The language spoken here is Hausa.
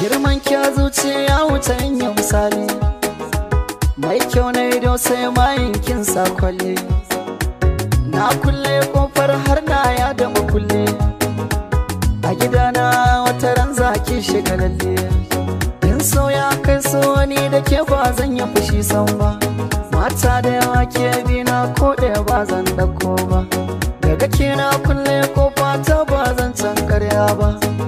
girman kya zuciya wutan yin misali mai kyau na ido sai mayin kin sakwalle na kulle kofar har na ya da makulle a gidana wata ran zaki shiga lalle in so ya kai so ni da ke ba zan yi fushi san mata da yawa ke bi na ko da ba zan dauko ba daga ke na kulle kofa ta ba zan ba